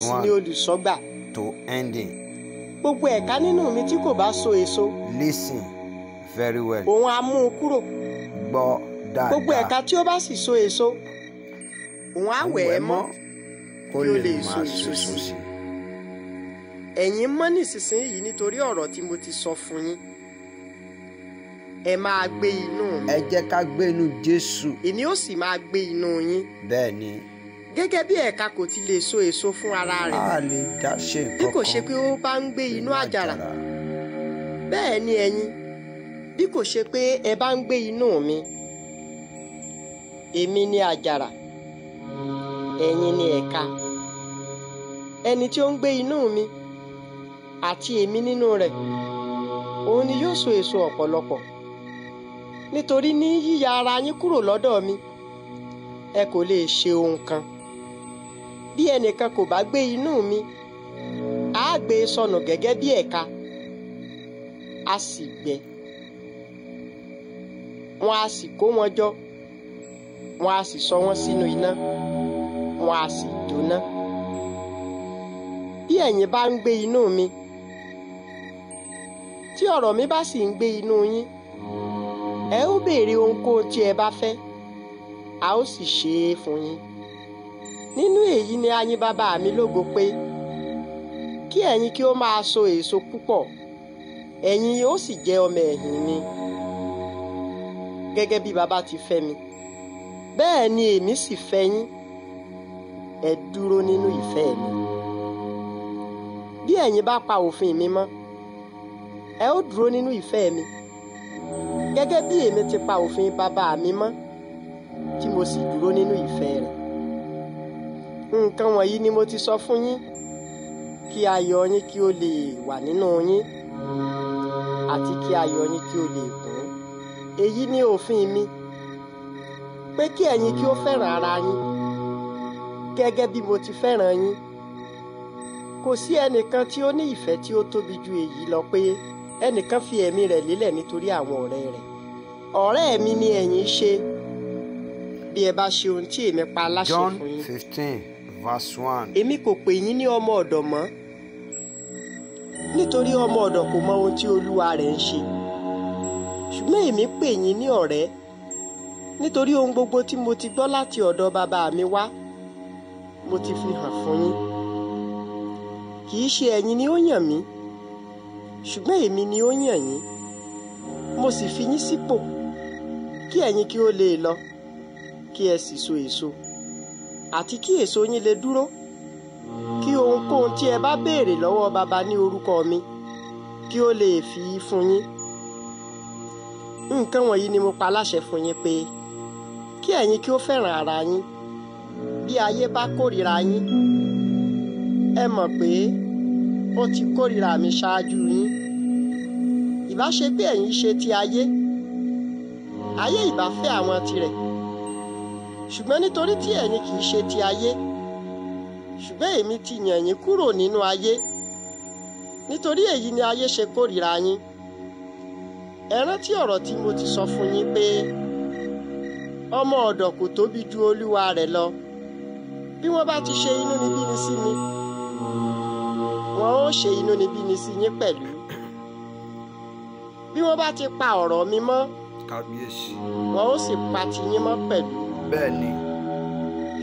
one ní to ending. gbogbo ẹ̀ka nínú mi tí kò bá so èso. listen very well. òun á mú un kúrò. gbọ́ dáadáa. gbogbo ẹ̀ka tí ó bá sì so èso. òun á wẹ̀ ẹ́ mọ́ kí ó lè so èso sí i. ẹ̀yin mọ́ nísinsìnyí nítorí ọ̀rọ̀ tí mo ti sọ fún yín ẹ máa gbé inú mi. ẹ jẹ́ ká gbé inú Jésù. èmi ó sì máa gbé inú yín. bẹ́ẹ̀ ni. gẹ́gẹ́ bí ẹ̀ka kò ti lè so èso fún ara rẹ̀. a lè dá ṣe nǹkan kan bí kò ṣe pé ó bá ń gbé inú àjàrà. bẹ́ẹ̀ ni ẹ̀yin bí kò ṣe pé ẹ bá ń gbé inú mi. èmi ni àjàrà ẹ̀yin ni ẹ̀ka. ẹni tí ó ń gbé inú mi àti èmi nínú rẹ̀ òun ni yóò so èso ọ̀pọ̀lọpọ̀ nítorí ní yíya ara yín kúrò lọ́dọ̀ mi ẹ kò lè ṣe ohun kan. bí ẹnìkan kò bá gbé inú mi á gbé e sọnù gẹ́gẹ́ bí ẹ̀ka a sì gbẹ wọn a sì kó wọn jọ wọn a sì sọ wọn sínú iná wọn a sì jóná bí ẹ̀yin bá ń gbé inú mi tí ọ̀rọ̀ mi bá sì ń gbé inú yín ẹ ó béèrè ohunkóhun tí ẹ bá fẹ́ a ó sì ṣe é fún yín nínú èyí ni a yìn bàbá mi lógo pé kí ẹ̀yin kí ó máa so èso púpọ̀ ẹ̀yin yóò sì jẹ́ ọmọ ẹ̀yìn mi gẹ́gẹ́ bí bàbá ti fẹ́ mi bẹ́ẹ̀ ni èmi sì fẹ́ yín ẹ dúró nínú ìfẹ́ mi bí ẹ̀yin bá pa òfin mi mọ́ ẹ ó dúró nínú ìfẹ́ mi gẹ́gẹ́ bí èmi ti pa òfin bàbá mi mọ́ tí mo sì dúró nínú ìfẹ́ rẹ̀ nǹkan wọ̀nyí ni mo ti sọ fún yín kí ayọ̀ yín kí ó lè wà nínú yín àti kí ayọ̀ yín kí ó lè kún èyí ni òfin mi pé kí ẹ̀yin kí ó fẹ́ràn ara yín gẹ́gẹ́ bí mo ti fẹ́ràn yín kò sí ẹnìkan tí ó ní ìfẹ́ tí ó tóbi ju èyí lọ pé ẹnìkan fi ẹ̀mí rẹ̀ lélẹ̀ nítorí àwọn ọ̀rẹ́ rẹ̀ ọ̀rẹ́ mi ni ẹ̀yin ṣe bí ẹ bá ṣe ohun tí èmi pa aláṣẹ fún yín. John fifteen verse one. èmi kò pè yín ní ọmọ ọ̀dọ̀ mọ́ nítorí ọmọ ọ̀dọ̀ kò mọ ohun tí olúwa rẹ̀ ń ṣe ṣùgbọ́n èmi pè yín ní ọ̀rẹ́ nítorí ohun gbogbo tí mo ti gbọ́ láti ọ̀dọ̀ bàbá mi wá mo ti fi hàn fún yín kì í ṣe ẹ̀yin ni ó yàn mí ṣùgbọ́n èmi ni ó yàn yín mo sì fi yín sípò kí ẹ̀yin kí ó lè lọ kí ẹ sì so èso. E àti kí èso yín lè dúró kí ohunkóhun tí ẹ bá béèrè lọ́wọ́ baba ní orúkọ mi kí ó lè fi í fún yín nǹkan wọ̀nyí ni mo pa láṣẹ fún yín pé kí ẹ̀yin kí ó fẹ́ràn ara yín bí ayé bá kórìíra yín ẹ mọ̀ pé ó ti kórìíra mi ṣáájú yín ìbá bí ẹ̀yin ṣe ti ayé ayé ìbá àwọn tirẹ̀ ṣùgbọ́n nítorí tí ẹ̀yin kì í ṣe ti ayé ṣùgbọ́n èmi ti yàn yín kúrò nínú ayé nítorí èyí ni ayé ṣe kórìíra yín ẹ rántí ọ̀rọ̀ tí mo ti sọ fún yín pé ọmọ ọ̀dọ̀ kò tóbi ju olúwa rẹ̀ lọ bí wọ́n bá ti ṣe inúnibíni sí mi wọn ó ṣe inúnibíni sí yín pẹ̀lú bí wọ́n bá ti pa ọ̀rọ̀ mi mọ́ wọn ó sì pa tiyín mọ́ pẹ̀lú bẹ́ẹ̀ ni.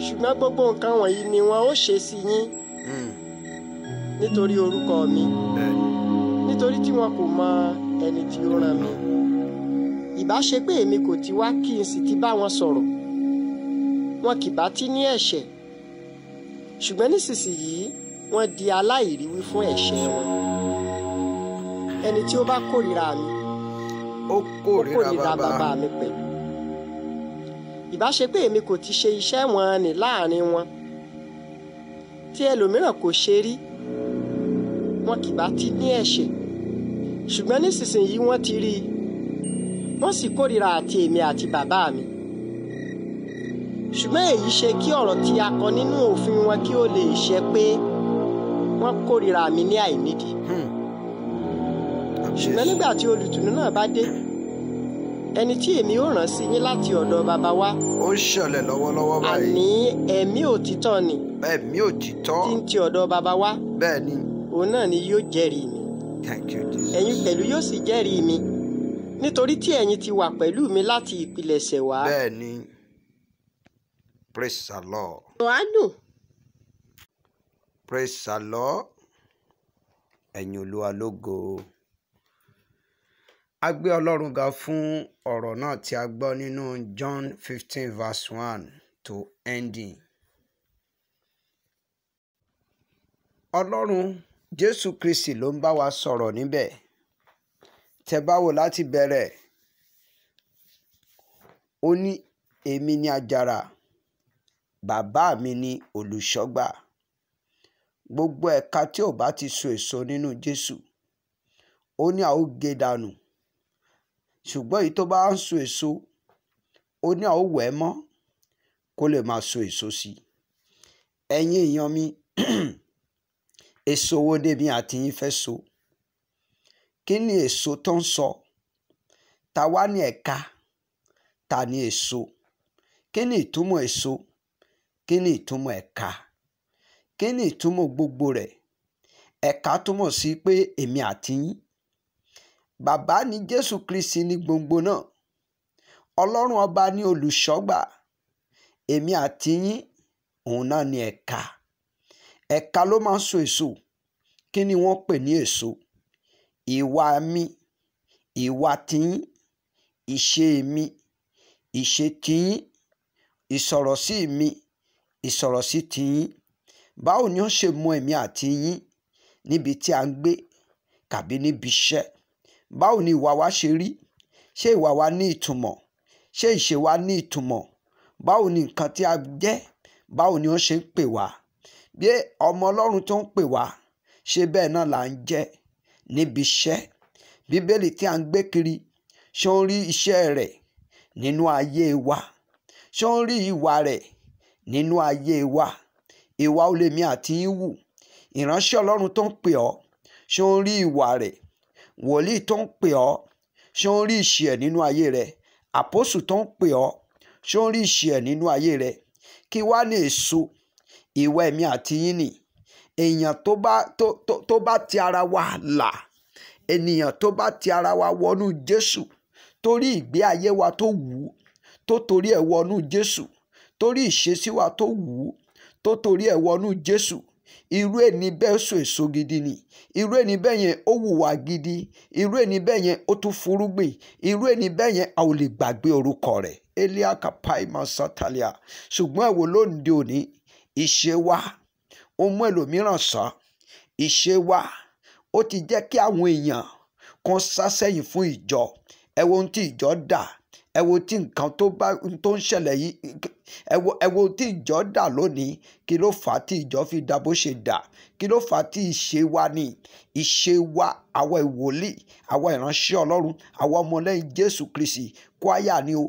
ṣùgbọ́n gbogbo nǹkan wọ̀nyí ni wọn ó ṣe sí yín hmm. nítorí orúkọ mi nítorí tí wọn kò mọ ẹni tí ó rán mi ìbá ṣe pé èmi kò ti wá kí n sì ti bá wọn sọ̀rọ̀ wọn kì bá ti ní ẹ̀ṣẹ̀ ṣùgbọ́n nísinsìnyí wọ́n di aláìríwí fún ẹ̀ṣẹ̀ wọn ẹni tí ó bá kórìíra mi ó kórìíra bàbá mi pẹ̀lú ìbá ṣe pé èmi kò ti ṣe iṣẹ́ wọn nì láàrin wọn tí ẹlòmíràn kò ṣe rí wọn kì bá ti ní ẹ̀ṣẹ̀ ṣùgbọ́n nísinsìnyí wọ́n ti rí i wọ́n sì kórìíra àti èmi àti bàbá mi ṣùgbọ́n èyí ṣe kí ọ̀rọ̀ tí a kọ nínú òfin wọn kí ó lè ṣẹ pé wọ́n kórìíra mi ní àìnídìí hmm. ṣùgbọ́n nígbà tí olùtùnú náà bá dé ẹni tí èmi ó rán sí yín láti ọ̀dọ̀ bàbá wa. ó ń ṣẹlẹ̀ lọ́wọ́lọ́wọ́ báyìí. àní ẹ̀mí òtítọ́ ni. ẹ̀mí òtítọ́. tí ń ti ọ̀dọ̀ bàbá wa. bẹ́ẹ̀ ni. òun náà ni yóò jẹ́rìí mi. thank you Jesus. ẹ̀yin pẹ̀lú yóò sì jẹ́rìí mi nítorí tí ẹ̀yin ti wà pẹ̀lú mi láti ìpilẹ̀ṣẹ̀ wá. bẹ́ẹ̀ ni praise the Lord. yohanu. praise the Lord ẹ̀yin Olúwa lógo a gbé ọlọ́run ga fún ọ̀rọ̀ náà tí a gbọ́ nínú john fifteen verse one to ending. ọlọ́run jésù kristi ló ń bá wa sọ̀rọ̀ níbẹ̀ tẹ́ bá wò láti bẹ̀rẹ̀ ó ní èmi ni àjàrà bàbá mi ni olùṣọ́gbà gbogbo ẹ̀ka tí ò bá ti so èso nínú jésù ó ní a ó gé dànù ṣùgbọ́n èyí tó bá ń so èso ó ní àwọn òwò ẹ mọ́ kó lè máa so èso sí i ẹ̀yin èèyàn mi èso wo débi àti yín fẹ́ so kí ni èso tó ń sọ ta wá ní ẹ̀ka ta ni èso kí ni ìtumọ̀ èso kí ni ìtumọ̀ ẹ̀ka kí ni ìtumọ̀ gbogbo rẹ̀ ẹ̀ka túmọ̀ sí pé èmi àti yín bàbá ni jésù kristi ní gbòǹgbò náà ọlọ́run ọba ní olùṣọ́gbà èmi àti yín òun náà ni ẹ̀ka ẹ̀ka ló máa ń so èso kí ni wọ́n pè ní èso ìwà mi ìwà tiyín ìṣe mi ìṣe tiyín ìsọ̀rọ̀ sí mi ìsọ̀rọ̀ sí tiyín báwo ni ó ṣe mọ èmi àti yín níbi tí a ń gbé tàbí níbi iṣẹ́ báwo ni ìwà wa ṣe rí ṣé ìwà wa ní ìtumọ̀ ṣé ìṣe wa ní ìtumọ̀ báwo ni nǹkan tí a jẹ́ báwo ni wọ́n ṣe ń pè wá bí ọmọ ọlọ́run tó ń pè wá ṣe bẹ́ẹ̀ náà là ń jẹ́ níbi iṣẹ́ bíbélì tí a ń gbé kiri ṣé ń rí iṣẹ́ rẹ̀ nínú ayé wa ṣé ó ń rí ìwà rẹ̀ nínú ayé wa ìwà olèmí àti ìwù ìránṣẹ́ ọlọ́run tó ń pè ọ́ ṣé ń rí ìwà rẹ̀ wòlíì tó ń pè ọ́ ṣé ń rí ìṣe ẹ̀ nínú ayé rẹ àpòsù tó ń pè ọ́ ṣé ń rí ìṣe ẹ̀ nínú ayé rẹ kí wá ní èso ìwà ẹ̀mí àti yín nì èèyàn tó bá ti ara wa là ènìyàn tó bá ti ara wa wọnú Jésù torí ìgbé ayé wa tó wù ú tó torí ẹ̀ wọnú Jésù torí ìṣesí wa tó wù ú tó torí ẹ̀ wọnú Jésù irú ẹni bẹ́ẹ̀ so èso gidi ni irú ẹni bẹ́ẹ̀ yẹn ó hùwà gidi irú ẹni bẹ́ẹ̀ yẹn ó tún furúgbìn irú ẹni bẹ́ẹ̀ yẹn a ò lè gbàgbé orúkọ rẹ̀ eliaka paima satalia ṣùgbọ́n ẹ̀wò lóde òní ìṣe wa ó mú ẹlòmíràn sàn ìṣe wa ó ti jẹ́ kí àwọn èèyàn kan sá sẹ́yìn fún ìjọ ẹ ohun tí ìjọ dà ẹ tí nǹkan tó ń ṣẹlẹ̀ yìí ẹwo ẹwo tí ìjọ dà lónìí kí ló fà á tí ìjọ fi dà bó ṣe dà kí ló fà á tí ìṣe wa ni ìṣe wa àwa ìwòlíì àwa ìránṣẹ́ Ọlọ́run àwa ọmọlẹ́yìn Jésù Kristi kwaya ni o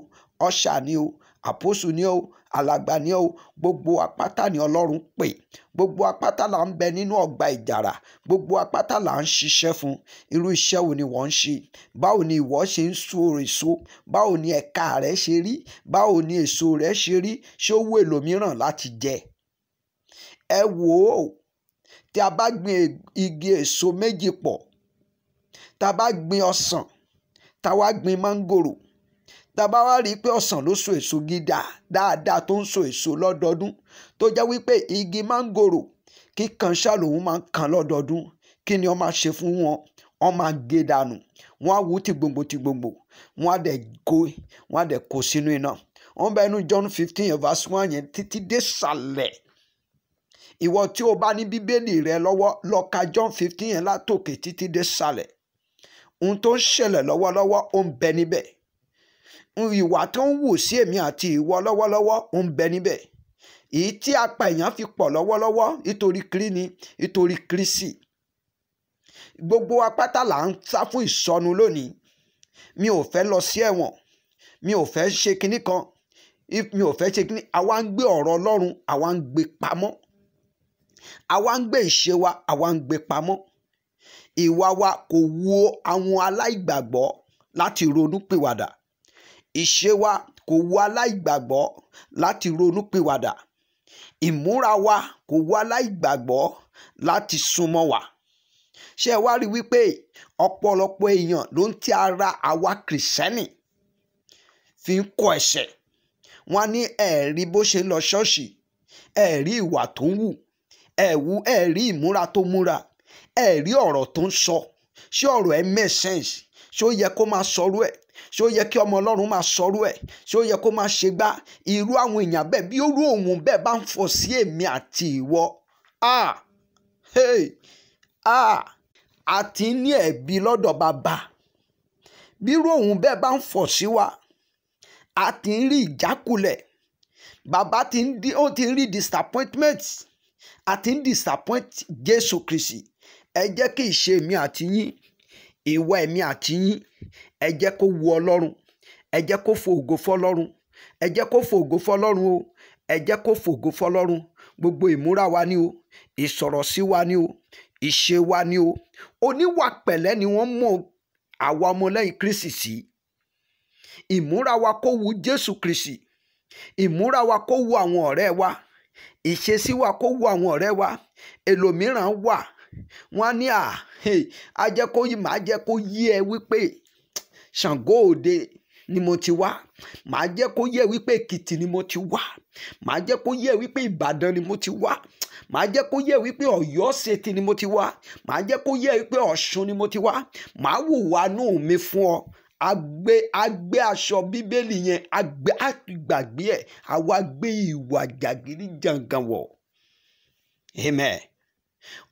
ọṣà ni o àpòsù ni o alàgbà ni ó gbogbo àpáta ni ọlọ́run pè gbogbo àpáta là ń bẹ nínú ọgbà ìjàrà gbogbo àpáta là ń ṣiṣẹ́ fún irú iṣẹ́ wo ni wọ́n ń ṣe báwo ni ìwọ ṣe ń so èso báwo ni ẹ̀ka rẹ ṣe rí báwo ni èso rẹ ṣe rí ṣé ó wù èlòmíràn láti jẹ ẹ wò ó tí a bá gbin igi èso méjì pọ̀ tá a bá gbin ọsàn tá gbin máńgòrò tàbá wá rí i pé ọ̀sán ló so èso gíga dáadáa tó ń so èso lọ́dọọdún tó jẹ́ wípé igi mángòrò kíkan ṣàlòun máa ń kan lọ́dọọdún kí ni wọ́n máa ṣe fún wọn wọ́n máa gé dànù wọ́n á wú ti gbòǹgbò ti gbòǹgbò wọ́n á dẹ̀ kó wọ́n á dẹ̀ kó sínú iná wọ́n bá inú John fifteen verse one yẹn títí dé sàlẹ̀ ìwọ tí o bá ní bíbélì rẹ lọ́wọ́ lọ ka John fifteen yẹn látòkè títí dé sàlẹ̀ ohun tó ń ṣẹlẹ̀ lọ́wọ́lọ́wọ́ ó ń bẹ níbẹ̀ ìwà tó ń wù sí èmi àti ìwọ lọ́wọ́lọ́wọ́ ń bẹ níbẹ̀ èyí tí apá èèyàn fi pọ̀ lọ́wọ́lọ́wọ́ nítorí kiri ni nítorí kristi gbogbo apáta là ń sá fún ìsọnù lónìí mi ò fẹ́ lọ sí ẹ̀wọ̀n mi ò fẹ́ ṣe kinní kan mi ò fẹ́ ṣe kinní àwa ń gbé ọ̀rọ̀ ọlọ́run àwa ń gbé pamọ́ àwa ń gbé ìṣe wa àwa ń gbé pamọ́ ìwà wa kò wo àwọn aláìgbàgbọ́ láti ronú pìwàdà ìṣe wa kò wu aláìgbàgbọ́ láti ronúpìwàdà ìmúra wa kò wu aláìgbàgbọ́ láti súnmọ́ wa ṣé ẹ wá rí wípé ọ̀pọ̀lọpọ̀ èèyàn ló ń ti ara àwa kìrìsẹ́nì fi ń kọ ẹ̀ṣẹ̀ wọn ní ẹ̀rí bó ṣe lọ ṣọ́ọ̀ṣì ẹ̀rí ìwà tó ń wù ẹ̀wù ẹ̀rí ìmúra tó múra ẹ̀rí ọ̀rọ̀ tó ń sọ ṣé ọ̀rọ̀ ẹ̀ make sense ṣé ó yẹ kó máa sọrú ẹ̀ ṣé ó yẹ kí ọmọ ọlọ́run máa sọrú ẹ̀ ṣé ó yẹ kó máa ṣe gbá irú àwọn èèyàn bẹ́ẹ̀ bí irú òun bẹ́ẹ̀ bá ń fọ̀ sí èmi àti ìwọ ah hey ah àti ní ẹ̀bi lọ́dọ̀ bàbá bí irú òun bẹ́ẹ̀ bá ń fọ̀ sí wa a ti ń rí ìjákulẹ̀ bàbá ti ń di ó ti ń rí disappointment a ti ń disappoint Jésù Kristi ẹ jẹ́ kí ìṣe mi àti yín ìwà ẹ̀mí àti yín ẹ jẹ́ kó wu ọlọ́run ẹ jẹ́ kó fo ògo fọlọ́run ẹ jẹ́ kó fo ògo fọlọ́run o ẹ jẹ́ kó fo ògo fọlọ́run gbogbo ìmúra wa ni o ìsọ̀rọ̀ sí wa ni o ìṣe wa ni o oníwà pẹ̀lẹ́ ni wọ́n mọ̀ àwa ọmọlẹ́yìn kristi sí ìmúra wa kó wu jésù kristi ìmúra wa kó wu àwọn ọ̀rẹ́ wa ìṣesí wa kó wu àwọn ọ̀rẹ́ wa ẹlòmíràn wà wọ́n ní à á jẹ́ kó yí màá jẹ́ kó yí ẹ wípé ṣàngó òde ni mo ti wá màá jẹ́ kó yẹ wípé èkìtì ni mo ti wá màá jẹ́ kó yẹ wípé ìbàdàn ni mo ti wá màá jẹ́ kó yẹ wípé ọ̀yọ́ ṣètì ni mo ti wá màá jẹ́ kó yẹ wípé ọ̀ṣun ni mo ti wá màá wò wá nù mí fún ọ agbe agbe aṣọ bíbélì yẹn agbe àgbàgbé ẹ àwa gbé ìwà jàgídí jàǹgàn wọ amen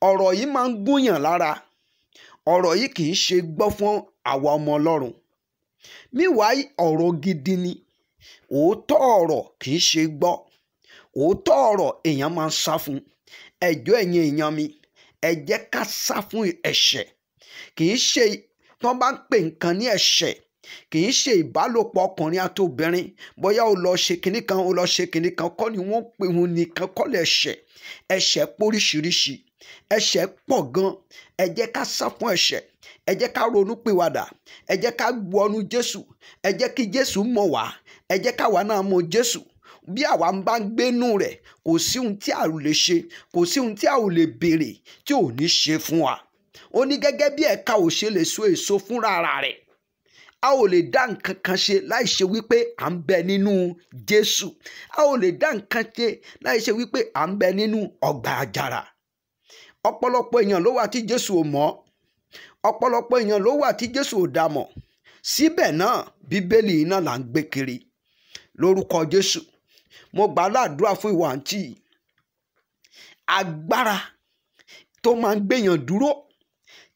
ọ̀rọ̀ yìí máa ń gúnyàn lára ọ̀rọ̀ yìí kì í ṣe gbọ́ fún àwa ọmọ ọlọ́run míwáyí ọ̀rọ̀ gidi ni òótọ́ ọ̀rọ̀ kì í ṣe gbọ́ òótọ́ ọ̀rọ̀ èèyàn máa ń sá fún ẹjọ́ ẹ̀yin èèyàn mi ẹ jẹ́ ká sá fún ẹ̀ṣẹ̀ kì í ṣe tí wọ́n bá ń pè nǹkan ní ẹ̀ṣẹ̀ kì í ṣe ìbálòpọ̀ ọkùnrin àti obìnrin bóyá o lọ ṣe kinní kan o lọ ṣe kinní kan kọ́ ni wọ́n pè wọ́n nìkan kọ́ lẹ̀ ẹ̀ṣẹ̀ ẹ̀ṣẹ̀ póríṣiríṣi ẹ̀ṣẹ̀ pọ̀ gan ẹ ká sá fún ẹ̀ṣẹ̀ ẹ jẹ́ ká ronú pìwàdà ẹ jẹ́ ká wọnú jésù ẹ jẹ́ kí jésù mọ̀ wá ẹ jẹ́ wà náà mọ jésù bí àwa ń bá ń gbénú kò sí ohun tí a lè ṣe kò sí ohun tí a lè béèrè tí ò ní ṣe fún wa ó ní gẹ́gẹ́ bí ẹ̀ka ò ṣe lè so èso fúnra a ò lè dá nǹkan kan ṣe láì ṣe wípé à ń bẹ nínú a ò lè dá nǹkan ṣe láì ṣe wípé à ń bẹ nínú ọgbà àjàrà èèyàn ló wà ọ̀pọ̀lọpọ̀ èèyàn ló wà tí jésù ò dá mọ̀ síbẹ̀ náà bíbélì iná là ń gbé kiri lórúkọ jésù mo gbà ládùúrà fún ìwà àǹtí agbára tó máa ń gbèyàn dúró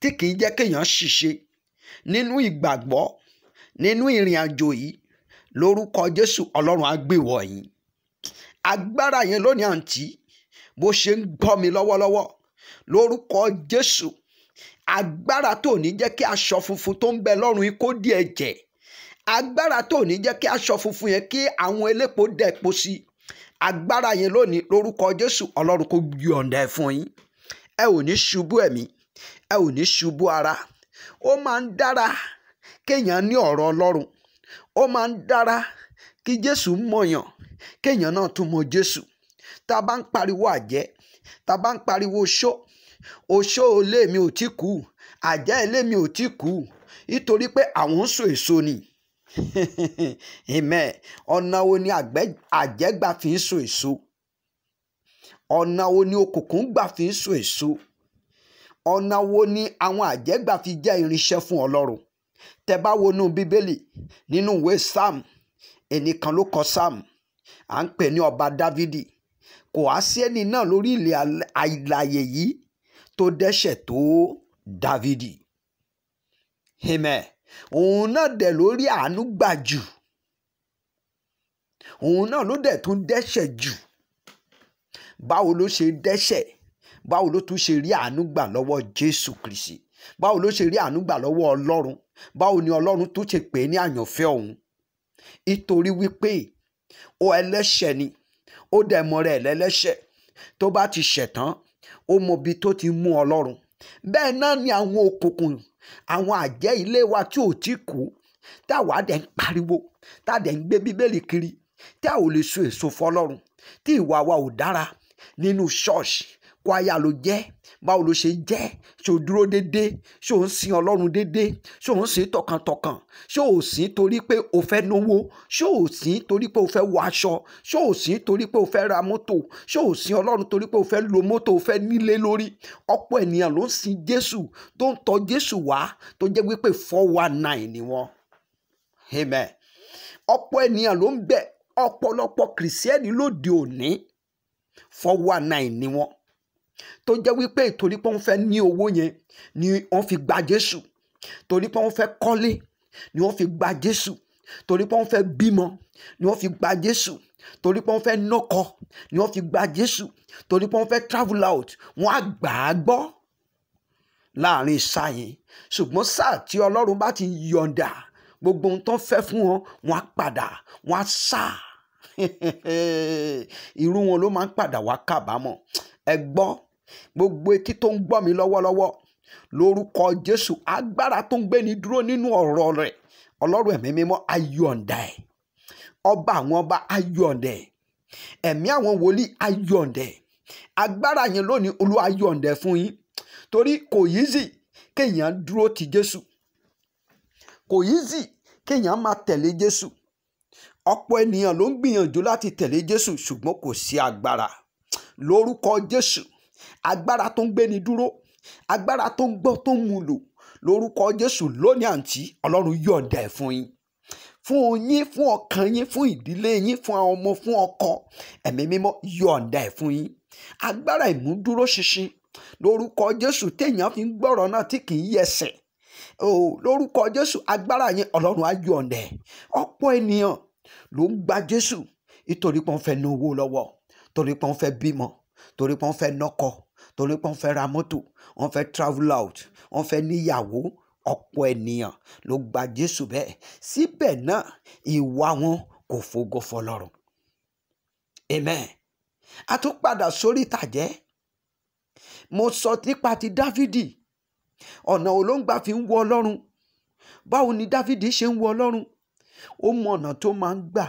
tí kì í jẹ́ kéèyàn ṣìṣe nínú ìgbàgbọ́ nínú ìrìn àjò yìí lórúkọ jésù ọlọ́run á gbé wọ̀ yín agbára yẹn lónìí àǹtí bó ṣe ń gbọ́ mi lọ́wọ́lọ́wọ́ lórúkọ jésù agbára tó ní jẹ́ kí aṣọ funfun tó ń bẹ lọ́rùn yín kó di ẹ̀jẹ̀ agbára tó ní jẹ́ kí aṣọ funfun yẹn kí àwọn elépo dẹ̀po sí agbára yẹn lónìí lórúkọ Jésù Ọlọ́run kó yọ̀ǹda ẹ̀ fún yín ẹ ò ní ṣubú ẹ̀mí ẹ ò ní ṣubú ara ó máa ń dára kéèyàn ní ọ̀rọ̀ Ọlọ́run ó máa ń dára kí Jésù mọ̀yàn kéèyàn náà tún mọ Jésù tá a bá ń pariwo àjẹ́ Ta a bá ń pariwo ṣó oṣó ilé mi ò tí kú àjẹ́ ilé mi ò tí kú nítorí pé àwọn ń so èso ni amen ọ̀nà wo ni àjẹ́ gbà fi ń so èso ọ̀nà wo ni òkùnkùn gbà fi ń so èso ọ̀nà wo ni àwọn àjẹ́ gbà fi jẹ́ irinṣẹ́ fún ọlọ́run tẹ bá wọnú bíbélì nínú ìwé sam ẹnìkan ló kọ sam à ń pè ní ọba dávidi kò á sí ẹni náà lórí ilẹ̀ àìláyè yìí tó dẹ́ṣẹ̀ tó Dáfídì amen òun náà dẹ̀ lórí àánú gbà jù òun náà ló dẹ̀ tún dẹ́ṣẹ̀ jù báwo ló ṣe dẹ́ṣẹ̀ báwo ló tún ṣe rí àánú gbà lọ́wọ́ Jésù Kristi báwo ló ṣe rí àánú gbà lọ́wọ́ Ọlọ́run báwo ni Ọlọ́run tún ṣe pè é ní àyànfẹ́ òun nítorí wípé ó ẹlẹ́ṣẹ̀ ni ó dẹ̀ mọ rẹ̀ lẹ́lẹ́ṣẹ̀ tó bá ti ṣẹ̀tàn ó mọ ibi tó ti mú ọlọ́run bẹ́ẹ̀ náà ni àwọn òkùnkùn àwọn àjẹ́ ilé wa tí ò tí kú táwa dẹ̀ ń pariwo tá a dẹ̀ ń gbé bíbélì kiri tá a ò lè so èso fọlọ́run tí ìwà wa ò dára nínú ṣọ́ọ̀ṣì kwaya ló jẹ́ báwo ló ṣe jẹ́ ṣé o dúró dédé ṣé o ń sin ọlọ́run dédé ṣé o ń sin tọkàntọkàn ṣé o sin torí pé o fẹ́ náwó ṣé o sin torí pé o fẹ́ wọ aṣọ ṣé o sin torí pé o fẹ́ ra mọ́tò ṣé o sin ọlọ́run torí pé o fẹ́ lo mọ́tò o fẹ́ nílé lórí ọ̀pọ̀ ènìyàn ló ń sin jésù tó ń tọ jésù wá tó jẹ́ wípé four one nine ni wọ́n amen ọ̀pọ̀ ènìyàn ló ń bẹ ọ̀pọ̀lọpọ̀ kìrìsìẹ́nì lóde òní four one nine ni wọ́n tó jẹ́ wípé torí pé wọ́n fẹ́ ní owó yẹn ni wọ́n fi gba Jésù torí pé wọ́n fẹ́ kọ́lé ni wọ́n fi gba Jésù torí pé wọ́n fẹ́ bímọ ni wọ́n fi gba Jésù torí pé wọ́n fẹ́ nọ́kọ ni wọ́n fi gba Jésù torí pé wọ́n fẹ́ travel out wọ́n á gbà á gbọ́ láàrin sáà yẹn ṣùgbọ́n sáà tí Ọlọ́run bá ti yọ̀ǹda gbogbo ohun tó ń fẹ́ fún wọn wọ́n á padà wọ́n á sá irú wọn ló máa ń padà wá kábàámọ̀ ẹ gbọ́ gbogbo etí tó ń gbọ́ mi lọ́wọ́lọ́wọ́ lórúkọ jésù agbára tó ń gbé ni dúró nínú ọ̀rọ̀ rẹ̀ ọlọ́run ẹ̀mí mímọ́ ayọ̀ǹda ẹ̀ ọba àwọn ọba ayọ̀ǹda ẹ̀ ẹ̀mí àwọn wòlíì ayọ̀ǹda ẹ̀ agbára yẹn lónìí olúwa ayọ̀ǹda ẹ̀ fún yín torí kò yízì kéèyàn dúró ti jésù kò yízì kéèyàn máa tẹ̀lé jésù ọ̀pọ̀ ènìyàn ló ń gbìyànjú láti tẹ̀lé jésù ṣùgbọ́n kò sí agbára lórúkọ jésù agbára tó ń gbéni dúró agbára tó ń gbọ́ tó ń mu lò lórúkọ jésù lónìí àǹtí ọlọ́run yọ̀ǹda ẹ̀ fún yín fún yín fún ọkàn yín fún ìdílé yín fún àwọn ọmọ fún ọkọ ẹ̀mí mímọ́ yọ̀ǹda ẹ̀ fún yín agbára ìmúdúró ṣinṣin lórúkọ jésù téèyàn fi ń gbọ́rọ̀ náà tí kì í yẹsẹ̀ lórúkọ jésù agbára yẹn ọlọ́run á yọ̀ǹda ẹ̀ ọ̀pọ̀ ènìyàn ló ń gba jésù nítorí pé fẹ́ náwó lọ́wọ́ torí pé fẹ́ bímọ torí pé wọ́n fẹ́ nọ́kọ torí pé wọ́n fẹ́ ra mọ́tò wọ́n fẹ́ travel out wọ́n fẹ́ níyàwó ọ̀pọ̀ ènìyàn ló gba Jésù bẹ́ẹ̀ síbẹ̀ náà ìwà wọn kò fògo fọlọ́run amen a tún padà sórí ìtàjẹ mo sọ nípa ti Dáfídì ọ̀nà olóńgbà fi ń wọ Ọlọ́run báwo ni Dáfídì ṣe ń wọ Ọlọ́run ó mọ ọ̀nà tó máa ń gbà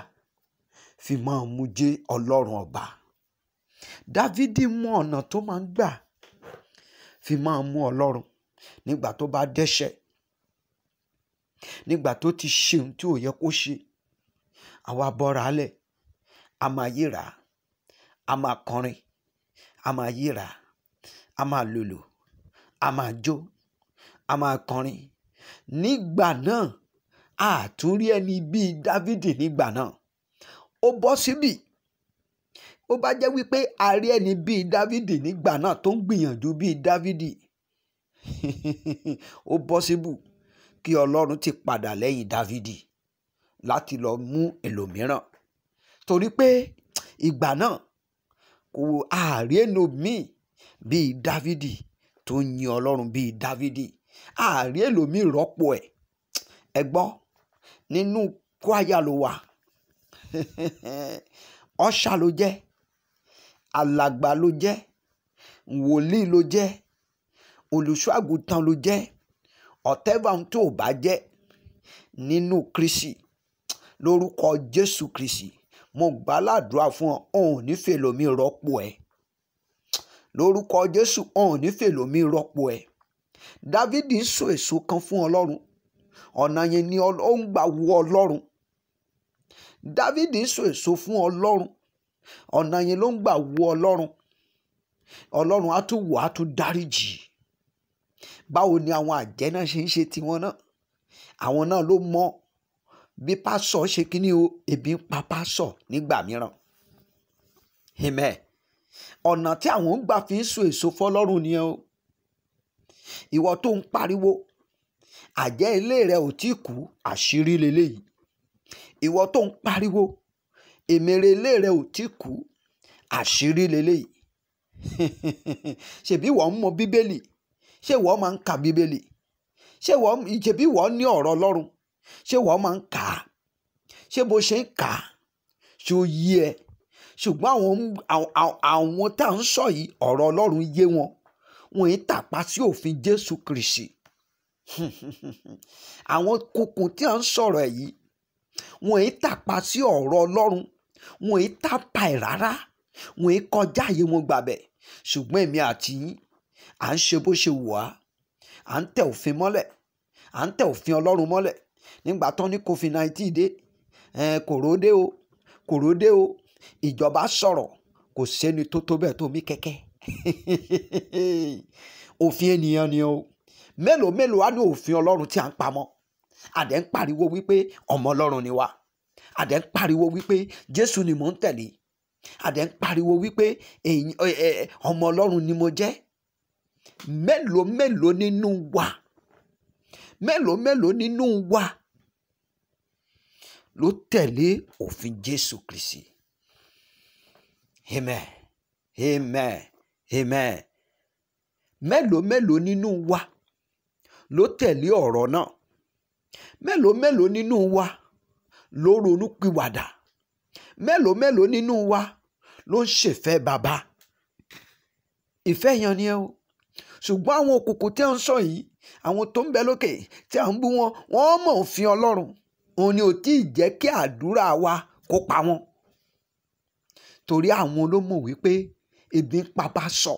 fi máa mú jẹ́ Ọlọ́run ọba dávidi mọ ọ̀nà tó máa ń gbà fi máa mú ọlọ́run nígbà tó bá dẹ́ṣẹ̀ nígbà tó ti ṣe ohun tí ò yẹ kó ṣe àwa bọ́ra alẹ̀ a máa yíra a máa kọrin a máa yíra a máa lòlò a máa jó a máa kọrin nígbà náà àtúnrí ẹni bíi dávidi nígbà náà ó bọ́ síbi ó bá jẹ́ wípé a rí ẹni bíi dávidi nígbà náà tó ń gbìyànjú bíi dávidi ó bọ́ síbù kí ọlọ́run ti padà lẹ́yìn dávidi láti lọ mú ẹlòmíràn torí pé ìgbà náà kò àárí ẹlòmíì bíi dávidi tó ń yin ọlọ́run bíi dávidi àárí ẹlòmíì rọ́pò ẹ̀ ẹ gbọ́ nínú kwaya ló wà ọ̀ṣà ló jẹ́ alàgbà ló jẹ́ wòlíì ló jẹ́ olùṣọ́ àgùntàn ló jẹ́ ọ̀tẹ́bà tó o bá jẹ́ nínú kristi lórúkọ jésù kristi mo gbà ládùúrà fún ọ òun nífẹ̀ẹ́ lómi rọ́pò ẹ̀ lórúkọ jésù òun nífẹ̀ẹ́ lómi rọ́pò ẹ̀ dávidi ń so èso kan fún ọlọ́run ọ̀nà yẹn ni ó ń gbà wọ ọlọ́run dávidi ń so èso fún ọlọ́run ọ̀nà yẹn ló ń gbà wo ọlọ́run ọlọ́run á tún wò á tún dáríjì báwo ni àwọn àjẹ́ náà ṣe ń ṣe tiwọn náà àwọn náà ló mọ bí pásọ ṣe kíní o ebi ń pa pásọ nígbà mìíràn amen ọ̀nà tí àwọn ń gbà fi ń so èso fọlọ́run nìyẹn o ìwọ tó ń pariwo àjẹ́ ilé rẹ ò tí kú àṣírí leléyìí ìwọ tó ń pariwo èmèrè ilé rẹ ò tí kú àṣírí leléyìí ṣèbí wọ́n mọ bíbélì ṣé wọ́n máa ń ka bíbélì ṣé wọ́n ṣèbí wọ́n ní ọ̀rọ̀ ọlọ́run ṣé wọ́n máa ń kà á ṣé bó ṣe ń kà á ṣó yí ẹ ṣùgbọ́n àwọn tá à ń sọ yìí ọ̀rọ̀ ọlọ́run yé wọn wọn ì tàpá sí òfin jésù kristi àwọn kùkùn tí à ń sọ̀rọ̀ ẹ̀ yìí wọn ì tàpá sí ọ̀rọ̀ ọlọ́run wọn èyí tápà ẹ̀ rárá wọn èyí kọjá àyè wọn gbàbẹ̀ ṣùgbọ́n èmi àti yín à ń ṣe bó ṣe wù wá à ń tẹ òfin mọ́lẹ̀ à ń tẹ òfin ọlọ́run mọ́lẹ̀ nígbà tán ní covid nineteen dé kòró dé o kòró dé o ìjọba sọ̀rọ̀ kò sẹ́ni tó tó bẹ́ẹ̀ tó mí kẹ́kẹ́ òfin ènìyàn ni o mélòó mélòó á ní òfin ọlọ́run tí à ń pamọ́ àdé ń pariwo wípé ọmọ ọlọ́run ni wa àdẹ́ ń pariwo wípé jésù ni mò ń tẹ̀lé àdẹ́ ń pariwo wípé ọmọ ọlọ́run ni mo jẹ́ mélòó mélòó nínú wa mélòó mélòó nínú wa ló tẹ̀lé òfin jésù kristi amen amen amen mélòó mélòó nínú wa ló tẹ̀lé ọ̀rọ̀ náà mélòó mélòó nínú wa ló ronúpìwàdà mélòó mélòó nínú wa ló ń ṣèfẹ́ bàbá ìfẹ́ yan ni ẹ o ṣùgbọ́n àwọn òkùnkùn tí a ń sọ yìí àwọn tó ń bẹ lókè tí a ń bú wọn wọ́n mọ̀ òfin ọlọ́run òun ni ò tí ì jẹ́ kí àdúrà wa kó pa wọn torí àwọn olómọ̀ wípé ebi ń papá sọ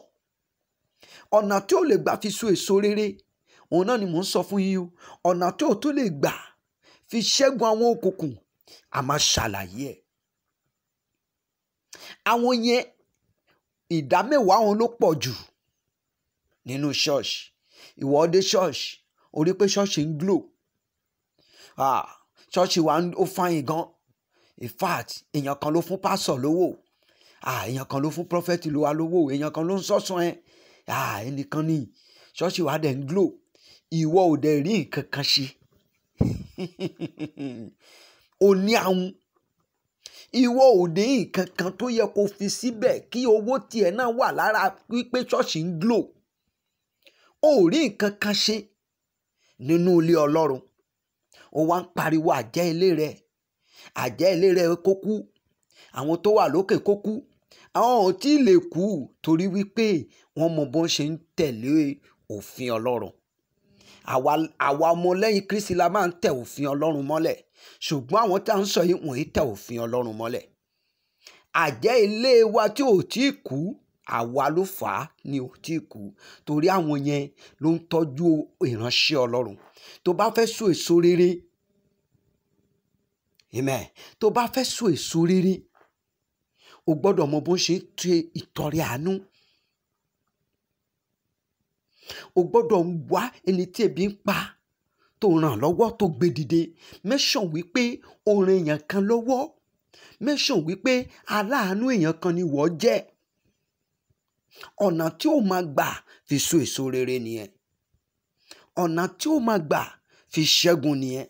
ọ̀nà tí ó lè gbà fi so èso rere òun náà ni mò ń sọ fún yín o ọ̀nà tí ó tó lè gbà fi ṣẹ́gun àwọn òkùnkùn a máa ṣàlàyé ẹ̀ àwọn yẹn ìdá mẹ́wàá wọn ló pọ̀ jù nínú ṣọ́ọ̀ṣì ìwọ dé ṣọ́ọ̀ṣì orí pé ṣọ́ọ̀ṣì ń glow ah, ṣọ́ọ̀ṣì wa ó fàyìn gan in fact èèyàn kan ló fún pásọ̀ lówó ah, èèyàn kan ló fún prọfẹ̀tì ló wa lówó èèyàn kan ló ń sọ̀sọ̀ ẹ̀ ah, ẹnìkan ní ṣọ́ọ̀ṣì wa dẹ̀ ń glow ìwọ ò dẹ̀ rí nǹkan kan ṣe ò ní àwọn ìwọ ò ní nǹkan kan tó yẹ kó fi síbẹ̀ kí owó tiẹ̀ náà wà lára wípé ṣọ́ọ̀ṣì ń glo ò rí nǹkan kan ṣe nínú ilé ọlọ́run ó wá ń pariwo àjẹ́ ilé rẹ̀ àjẹ́ ilé rẹ̀ kó kú àwọn tó wà lókè kó kú àwọn ò tí ì lè kú torí wípé wọ́n mọ bó ń ṣe ń tẹ̀lé òfin ọlọ́run àwa ọmọlẹ́yìn kristi la máa ń tẹ òfin ọlọ́run mọ́lẹ̀ ṣùgbọ́n àwọn tá à ń sọ yìí wọ́n tẹ òfin ọlọ́run mọ́lẹ̀ àjẹ́ ilé wa tí ò tí kú àwa ló fà á ni ò tí ì kú torí àwọn yẹn ló ń tọ́jú ìránṣẹ́ ọlọ́run tó bá fẹ́ so èso rere amen tó bá fẹ́ so èso rere o gbọ́dọ̀ mọ bó ṣe ń tẹ àánú o gbọ́dọ̀ ń wá ẹni tí ebi ń pa tó ràn lọ́wọ́ tó gbé dìde mẹ́sàn wípé o ràn èèyàn kan lọ́wọ́ mẹ́sàn wípé aláàánú èèyàn kan ni wọ́n jẹ́ ọ̀nà tí ó máa gbà fi so èso rere nìyẹn ọ̀nà tí ó máa gbà fi ṣẹ́gun nìyẹn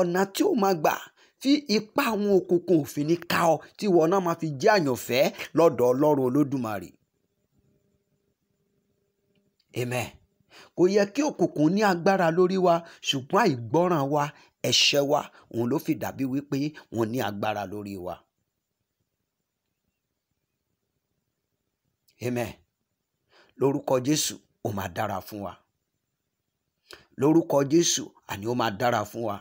ọ̀nà tí ó máa gbà tí ipá àwọn òkùnkùn òfin ní ká ọ tí wọn náà máa fi jẹ́ àyànfẹ́ lọ́dọ̀ ọlọ́run olódùmarè amen kò yẹ kí òkùnkùn ní agbára lórí wa ṣùgbọ́n àìgbọ́ràn wa ẹ̀ṣẹ̀ wa òun ló fi dàbí wípé wọ́n ní agbára lórí wa. amen lórúkọ jésù ó máa dára fún wa lórúkọ jésù àní ó máa dára fún wa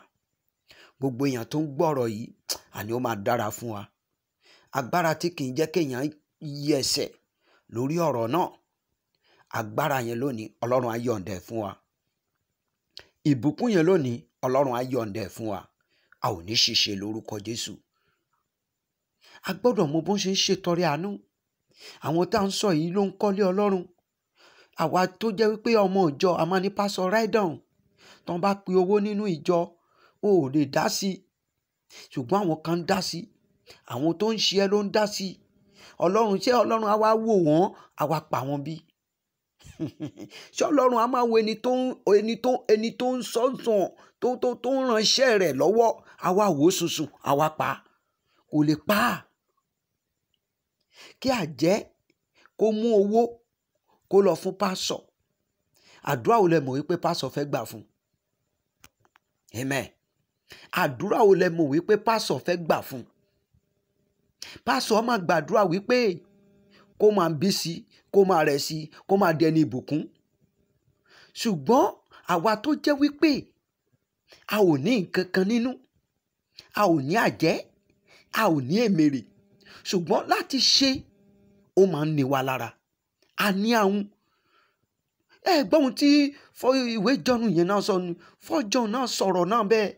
gbogbo èèyàn tó ń gbọ́rọ̀ yìí àní ó máa dára fún wa agbára tí kì í jẹ́ kéèyàn yí ẹsẹ̀ lórí ọ̀rọ̀ náà agbára yẹn lónìí ọlọ́run á yọ̀ǹda ẹ̀ fún wa ìbùkún yẹn lónìí ọlọ́run á yọ̀ǹda ẹ̀ fún wa a ò ní ṣìṣe lórúkọ jésù a gbọ́dọ̀ mọ bó ṣe ń ṣètọrẹ àánú àwọn tá à ń sọ yìí ló ń kọ́lé ọlọ́run àwa tó jẹ́ wípé ọmọ ìjọ a máa ní pásọ ráìdàn tán bá pe owó nínú ìjọ o ò lè dá sí i ṣùgbọ́n àwọn kan ń dá sí i àwọn tó ń ṣe ẹ ló ń dá sí i ọlọ́run ṣé ọlọ́run á wá wò wọ́n á wá pa wọ́n bí ṣé ọlọ́run a máa wo ẹni tó ẹni tó ẹni tó ń sọ́sùn tó tó tó ń ránṣẹ́ rẹ̀ lọ́wọ́ àwa wò sùnsùn àwa pa kò lè pa á kí àjẹ́ kó mú owó kó lọ fún pásọ̀ àdúrà ò lè mọ̀ wípé pásọ̀ fẹ́ gbà fún amen àdúrà ò lè mọ̀ wípé pásọ̀ fẹ́ gbà fún pásọ̀ máa gbàdúrà wípé kó máa bí sí i kó máa rẹ̀ sí i kó máa dẹni ìbùkún ṣùgbọ́n àwa tó jẹ́ wípé a ò ní nǹkan kan nínú a ò ní àjẹ́ a ò ní èmèrè ṣùgbọ́n láti ṣe ó máa ń ní wa lára a ní àwọn ẹ gbọ́n tí ìwé jọ́nu yẹn náà sọ ni fọ́jọ́n náà sọ̀rọ̀ náà bẹ́ẹ̀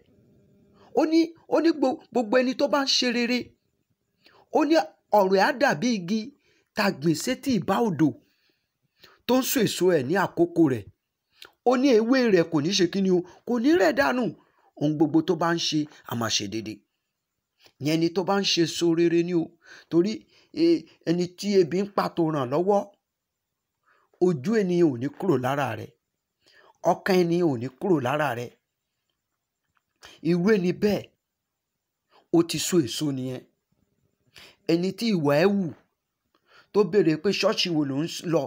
ó ní ó ní gbogbo ẹni tó bá ń ṣe rere ó ní ọ̀rẹ́ á dàbí igi tá a gbìn sétí ìbá odò tó ń so èso ẹ̀ ní àkókò rẹ̀ ó ní ewé rẹ̀ kò ní ṣe kíni o kò ní rẹ̀ dànù ohun gbogbo tó bá ń ṣe àmàṣe dédé yẹn ni tó bá ń ṣe so rere ni o torí e, ẹni tí ebi ń pa tó ràn lọ́wọ́ ojú ènìyàn ò ní kúrò lára rẹ̀ ọkàn ènìyàn ò ní kúrò lára rẹ̀ irú ẹni bẹ́ẹ̀ ó ti so èso nìyẹn ẹni tí ìwà ẹ̀ wù tó béèrè pé ṣọ́ọ̀ṣì wo ló ń lọ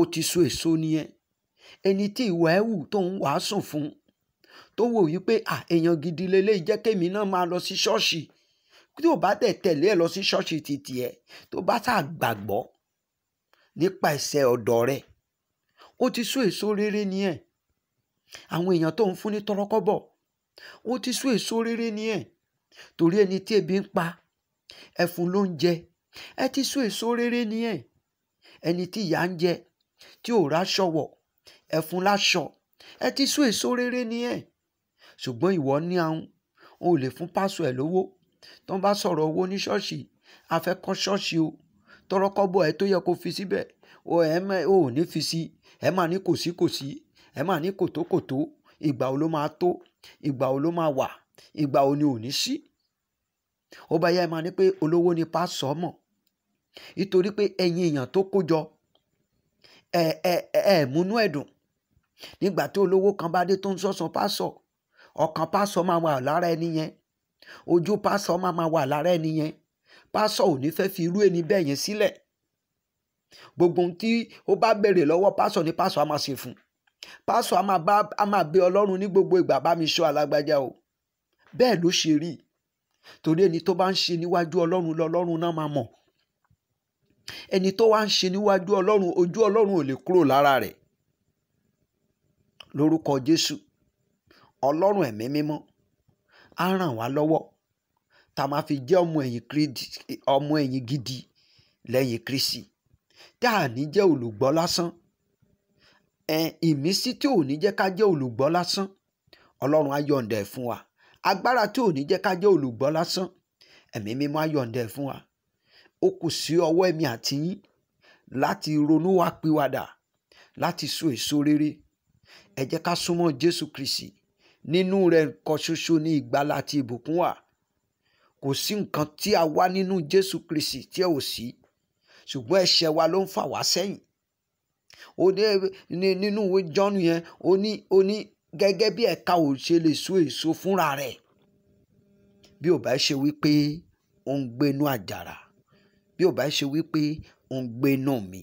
ó ti so èso nìyẹn ẹni tí ìwà ẹ̀ wù tó ń wàásù fún tó wò wípé èèyàn gidi leléyìí jẹ́ kémi náà máa lọ sí ṣọ́ọ̀ṣì tí ò bá tẹ̀ tẹ̀lé ẹ̀ lọ sí ṣọ́ọ̀ṣì títì ẹ̀ tó bá sà gbàgbọ́ nípa ẹ̀ṣẹ̀ ọ̀dọ̀ rẹ̀ ó ti so èso rere nìyẹn àwọn èèyàn tó ń fún ní tọrọkọ́bọ̀ ó ti so èso rere nìyẹn torí ẹni tí ebi ń pa ẹ fún lóúnjẹ ẹ ti so èso rere nìyẹn ẹni tí ìyà ń jẹ tí ò ráṣọ wọ̀ ẹ fún láṣọ ẹ ti so èso rere nìyẹn ṣùgbọ́n ìwọ ní ahun o ò lè fún pásọ ẹ lówó tó ń bá sọ̀rọ̀ owó ní ṣọ́ọ̀ṣì afẹ́kọ́ ṣọ́ọ̀ṣì o tọrọkọ́bọ̀ ẹ tó yẹ kó fi síbẹ̀ o ẹ mẹ o ò ní fi sí ẹ mà ní kòsíkòsí ẹ mà ní kòtókòtó ìgbà wo ló máa tó ìgbà wo ló máa wà ìgbà wo ni ò ní sí ó bá yẹ ẹ máa ní pé olówó ni pásọ mọ̀ nítorí pé ẹ̀yin èèyàn tó kó jọ ẹ̀ ẹ̀ ẹ̀ múnú ẹ̀dùn nígbà tí olówó kan bá dé tó ń sọ̀sọ̀ pásọ̀ ọkàn pásọ̀ máa wà lára ẹni yẹn ojú pásọ̀ máa máa wà lára ẹni yẹn pásọ̀ ò ní fẹ́ fi irú ẹni bẹ́ẹ̀ yẹn sílẹ̀ gbogbo ohun tí ó bá béèrè lọ́wọ́ pásọ̀ ni pásọ̀ á máa ṣe fún pásọ̀ á máa bá á máa bẹ ọlọ́run ní gbogbo ìgbà bá mi ṣọ́ alágbájá o bẹ́ẹ̀ ló ṣe rí torí ẹni tó bá ń ṣe níwájú ọlọ́run lọ́lọ́run náà máa mọ̀ ẹni tó wá ń ṣe níwájú ọlọ́run ojú ọlọ́run ò lè kúrò lára rẹ̀ lórúkọ jésù ọlọ́run ẹ̀mí mímọ́ á ràn wá lọ́wọ́ tá a máa fi jẹ́ ọmọ ẹ̀yìn gidi lẹ́yìn kristi tá a ní jẹ́ olùgbọ́ lásán ìmísí tí ò ní jẹ́ ká jẹ́ olùgbọ́ lásán ọlọ́run á yọ̀ǹda ẹ̀ fún wa agbára tí ò ní jẹ́ ká jẹ́ olùgbọ́ lásán ẹ̀mí mímọ́ á yọ̀ǹda ẹ̀ fún wa ó kù sí ọwọ́ ẹ̀mí àti yín láti ronú wá pìwàdà láti so èso rere ẹ jẹ́ ká súnmọ́ Jésù Kristi nínú rẹ̀ nǹkan ṣoṣo ní ìgbàlà àti ìbùkún wà kò sí nǹkan tí a wá nínú Jésù Kristi tí ẹ ò sí ṣùgbọ́n ẹ̀ṣẹ̀ wa ló ń fà wá sẹ́yìn nínú ìwé John yẹn ó ní ó ní gẹ́gẹ́ bí ẹ̀ka ò ṣe lè so èso fúnra rẹ̀ bí ò bá ṣe wí pé ó ń gbénú àjàrà bí ò bá ṣe wípé ó ń gbénú mi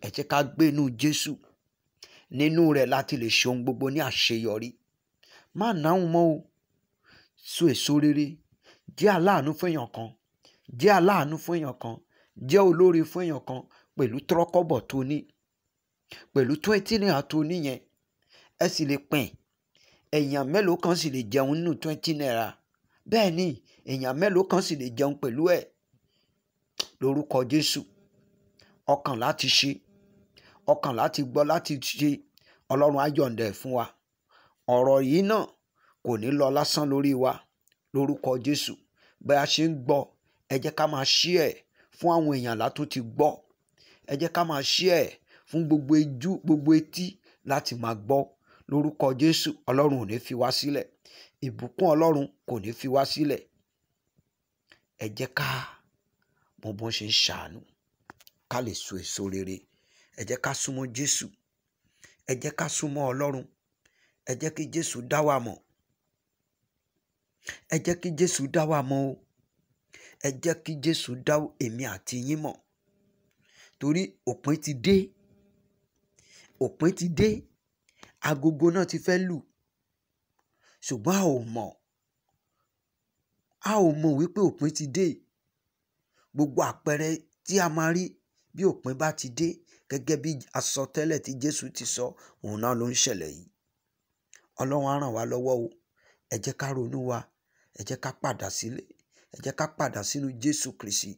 ẹ jẹ́ ká gbénú Jésù nínú rẹ̀ láti lè ṣe ohun gbogbo ní àṣeyọrí má náhùn mọ́ o so èso rere jẹ́ aláàánú fún èèyàn kan jẹ́ aláàánú fún èèyàn kan jẹ́ olóore fún èèyàn kan pẹ̀lú tọ́rọ́kọ́bọ̀ tó ní pẹ̀lú tó etí ní àtò níyẹn ẹ sì lè pín èèyàn mélòó kan sì lè jẹun nínú twenty naira bẹ́ẹ̀ ni èèyàn mélòó kan sì lè jẹun pẹ̀lú ẹ̀ lórúkọ jésù ọkàn láti ṣe ọkàn láti gbọ́ láti ṣe ọlọ́run á yọ̀ǹda ẹ̀ fún wa ọ̀rọ̀ yìí náà kò ní lọ lásán lórí wa lórúkọ jésù bá a ṣe ń gbọ́ ẹ jẹ́ ká máa ṣí ẹ̀ fún àwọn èèyàn látún ti gbọ́ ẹ jẹ́ ká máa ṣí ẹ̀ fún gbogbo ojú gbogbo etí láti máa gbọ́ lórúkọ jésù ọlọ́run ò ní fi wá sílẹ̀ ìbùkún ọlọ́run kò ní fi wá sílẹ̀ ẹ jẹ́ ká bó bó ṣe ń ṣàánú ká lè so èso rere ẹ jẹ́ ká súnmọ́ Jésù ẹ jẹ́ ká súnmọ́ Ọlọ́run ẹ jẹ́ kí Jésù dá wa mọ̀ ẹ jẹ́ kí Jésù dá wa mọ̀ o ẹ jẹ́ kí Jésù dá èmi àti yín mọ̀ torí òpin ti dé òpin ti dé agogo náà ti fẹ́ lù ṣùgbọ́n a ò mọ̀ a ò mọ̀ wípé òpin ti dé gbogbo àpẹẹrẹ tí a máa rí bí òpin bá ti dé gẹ́gẹ́ bí àsọtẹ́lẹ̀ tí Jésù ti sọ òun náà ló ń ṣẹlẹ̀ yìí Ọlọ́run á ràn wá lọ́wọ́ o ẹ jẹ́ ká ronú wa ẹ jẹ́ ká padà sílé ẹ jẹ́ ká padà sínú Jésù Kristi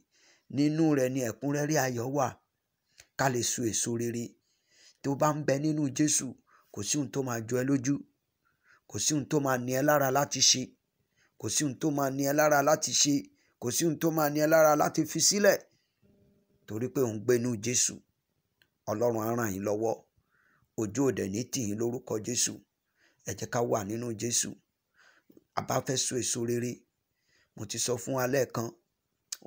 nínú rẹ̀ ni ẹ̀kúnrẹ́rẹ́ ayọ̀ wà ká lè so èso rere tó bá ń bẹ nínú Jésù kò sí ohun tó máa jọ ẹ lójú kò sí ohun tó máa ní ẹ lára láti ṣe kò sí ohun tó máa ní ẹ lára láti ṣe kò sí ohun tó máa ní ẹ lára láti fi sílẹ̀ torí pé òun gbénú Jésù Ọlọ́run á ràn yín lọ́wọ́ ojú òdẹ̀ ní tìyín lórúkọ Jésù ẹ jẹ́ ká wà nínú Jésù àbá fẹ́ so èso rere mo ti sọ fún alẹ́ kan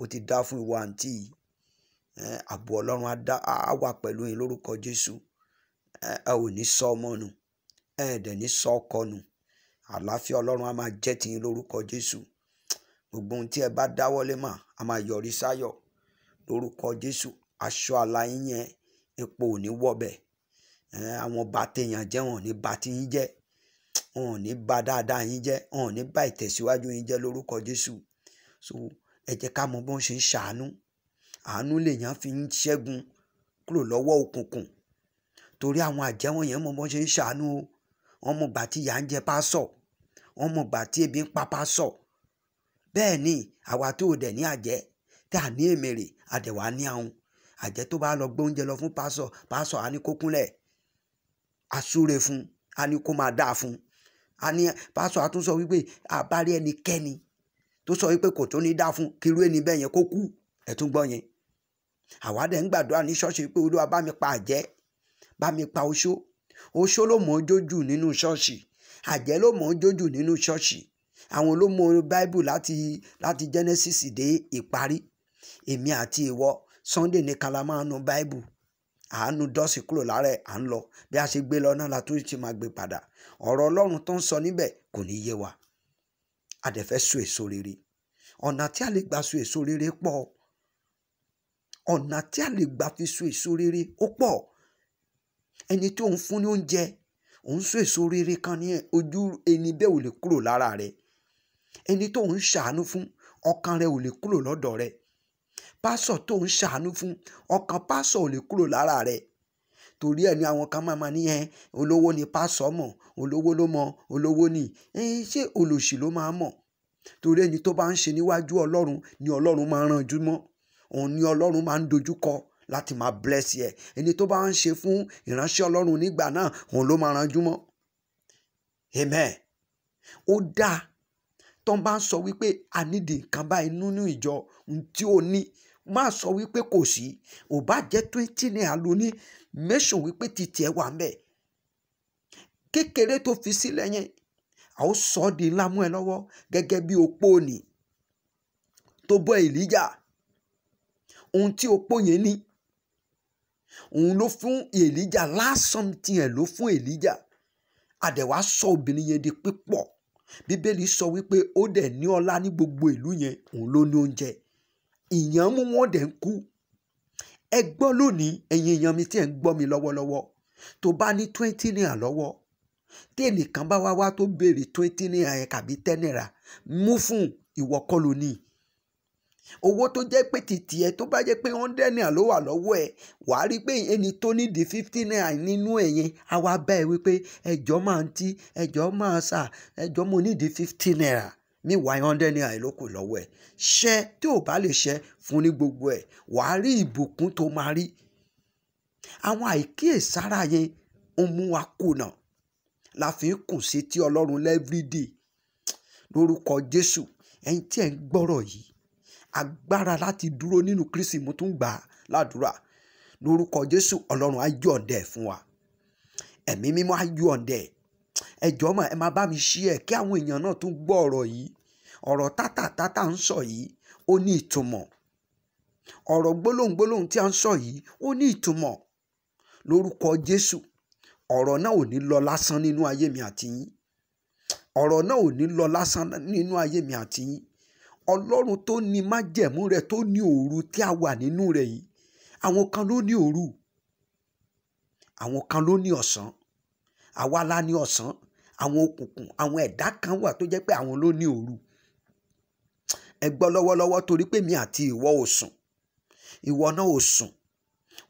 ó ti dá fún ìwà àǹtí yìí ààbò Ọlọ́run á wà pẹ̀lú yín lórúkọ Jésù ẹ ò ní sọ ọmọ nù ẹ ẹ̀ dẹ̀ ní sọ ọkọ nù àlàáfíà Ọlọ́run á máa jẹ́ tìyín lórúkọ Jésù gbogbo ohun tí ẹ bá dáwọ́lé mọ́ a máa yọrí sáyọ̀ lórúkọ jésù aṣọ àlàyé yẹn epo ò ní wọbẹ̀ àwọn bàtẹ̀yàn jẹ́ wọn ò ní bà ti yín jẹ́ wọn ò ní bà dáadáa yín jẹ́ wọn ò ní bà ìtẹ̀síwájú yín jẹ́ lórúkọ jésù so ẹ jẹ́ ká mọ bí wọ́n ṣe ń ṣàánú àánú lèèyàn fi ń ṣẹ́gun kúrò lọ́wọ́ òkùnkùn torí àwọn àjẹ́wọ̀n yẹn mọ bí wọ́n ṣe ń ṣàánú o wọ́n mọ̀ gbà tí ìyà ń jẹ pásọ̀ wọ́n mọ̀ gbà tí ebi ń pa pásọ̀ bẹ́ẹ̀ ni àwa tó dẹ̀ ní àjẹ́ tá a ní èmèrè àdẹ̀wà ní àwọn àjẹ́ tó bá lọ gbóúnjẹ lọ fún pásọ pásọ á ní kó kúnlẹ̀ àsúre fún á ní kó máa dáa fún á ní pásọ á tún sọ wípé àbárí ẹnikẹ́ni tó sọ wípé kò tó ní dáa fún kírú ẹni bẹ́ẹ̀ yẹn kó kú ẹ̀ gbọ́ yẹn àwa dẹ̀ ń gbàdúrà ní ṣọ́ọ̀ṣì pé olúwa bá mi pa àjẹ́ bá mi pa oṣó oṣó ló mọ̀ ọ́n jójú nínú ṣọ́ọ̀ṣì àjẹ́ ló mọ̀ ọ́n jójú nínú ṣọ́ọ̀ṣì àwọn ló mọ báíbù láti láti Genesis dé ìparí èmi àti ìwọ Sunday ní kalamánu báíbù àánú dọ́sì kúrò lára ẹ̀ à ń lọ bí a ṣe gbé lọ la tó ti máa gbé padà ọ̀rọ̀ Ọlọ́run tó ń sọ níbẹ̀ kò ní yé wa àdẹ̀fẹ́ so èso rere ọ̀nà tí a lè gbà so èso rere pọ̀ ọ̀nà tí a lè gbà fi so èso rere ó pọ̀ ẹni tí òun fún ní oúnjẹ òun so èso rere kan ní ojú ẹni bẹ́ẹ̀ ò lè kúrò lára rẹ̀ ẹni tó ń ṣàánú fún ọkàn rẹ ò lè kúrò lọ́dọ̀ rẹ pásọ̀ tó ń ṣàánú fún ọkàn pásọ̀ ò lè kúrò lára rẹ torí ẹ̀ ní àwọn kan máa ma níyẹn olówó ni pásọ̀ mọ̀ olówó ló mọ̀ olówó ni ẹ̀yin ṣé olòṣì ló máa mọ̀ torí ẹni tó bá ń ṣe níwájú ọlọ́run ni ọlọ́run máa ránjú mọ́ òun ni ọlọ́run máa ń dojú kọ láti máa bless yẹ ẹni tó bá ń ṣe fún ìránṣẹ́ ọlọ́run nígbà náà òun ló máa ránjú mọ́ amen ó dáa tó ń bá ń sọ wípé a nídìí nǹkan báyìí nínú ìjọ tí ó ní má sọ wípé kò sí ò bá jẹ́ twenty naira ló ní mẹ́sàn wípé títí ẹ̀ wà mẹ́ẹ̀ kékeré tó fi sílẹ̀ yẹn a sọ ọ́ di ńlá mú ẹ lọ́wọ́ gẹ́gẹ́ bí opó ni tó bọ́ èlíjà ohun tí opó yẹn ní òun ló fún èlíjà last something ló fún èlíjà àdẹ̀wà sọ obìnrin yẹn di pípọ̀ bíbélì sọ wípé ó dẹ̀ ní ọlá ní gbogbo ìlú yẹn òun ló ní oúnjẹ ìyàn mú wọn dẹ̀ ń kú ẹ gbọ́ lónìí ẹ̀yin èèyàn mi tí ẹ̀ ń gbọ́ mi lọ́wọ́lọ́wọ́ tó bá ní twenty naira lọ́wọ́ tí ẹnìkan bá wá wá tó béèrè twenty naira yẹn kàbí ten naira mú fún ìwọ kọ́ owó tó jẹ́ pé títì ẹ tó bá jẹ́ pé hundred naira ló wà lọ́wọ́ ẹ wàá rí pé ẹni tó nídi fifty naira nínú ẹ yẹn á wá bá ẹ wípé ẹjọ́ máa ń tí ẹjọ́ máa sà ẹjọ́ mo nídi fifty naira mi wá hundred naira ẹ ló kù lọ́wọ́ ẹ ṣẹ́ tí ò bá lè ṣẹ́ fún ní gbogbo ẹ wàá rí ìbùkún tó máa rí àwọn àìkíyèsára yẹn ń mú wa kùnà la fi ń kùn sí ti ọlọ́run lẹ́fírídì lórúkọ jésù ẹ̀yin tí ẹ̀ ń gbọ́rọ̀ yìí agbára láti dúró nínú kristi mo tún gbà ládùúrà lórúkọ jésù ọlọ́run á yọ̀ǹdẹ̀ fún wa ẹ̀mí mímọ́ á yọ̀ǹdẹ̀ ẹ jọ̀ọ́ mà ẹ máa bá mi ṣí ẹ̀ kí àwọn èèyàn náà tún gbọ́ ọ̀rọ̀ yìí ọ̀rọ̀ tátàtátà ń sọ yìí ó ní ìtumọ̀ ọ̀rọ̀ gbólóhùngbólóhùn tí a ń sọ yìí ó ní ìtumọ̀ lórúkọ jésù ọ̀rọ̀ náà ò ní lọ lásán nínú ayé mi àti yín ọ̀rọ̀ náà ò ní lọ lásán nínú ayé mi àti yín ọlọ́run tó ní májẹ̀mú rẹ̀ tó ní òru tí a wà nínú rẹ̀ yìí àwọn kan ló ní òru àwọn kan ló ní ọ̀sán àwa la ní ọ̀sán àwọn òkùnkùn àwọn ẹ̀dá kan wà tó jẹ́ pé àwọn ló ní òru ẹ gbọ́ lọ́wọ́lọ́wọ́ torí pé mi àti ìwọ ò sùn ìwọ náà ò sùn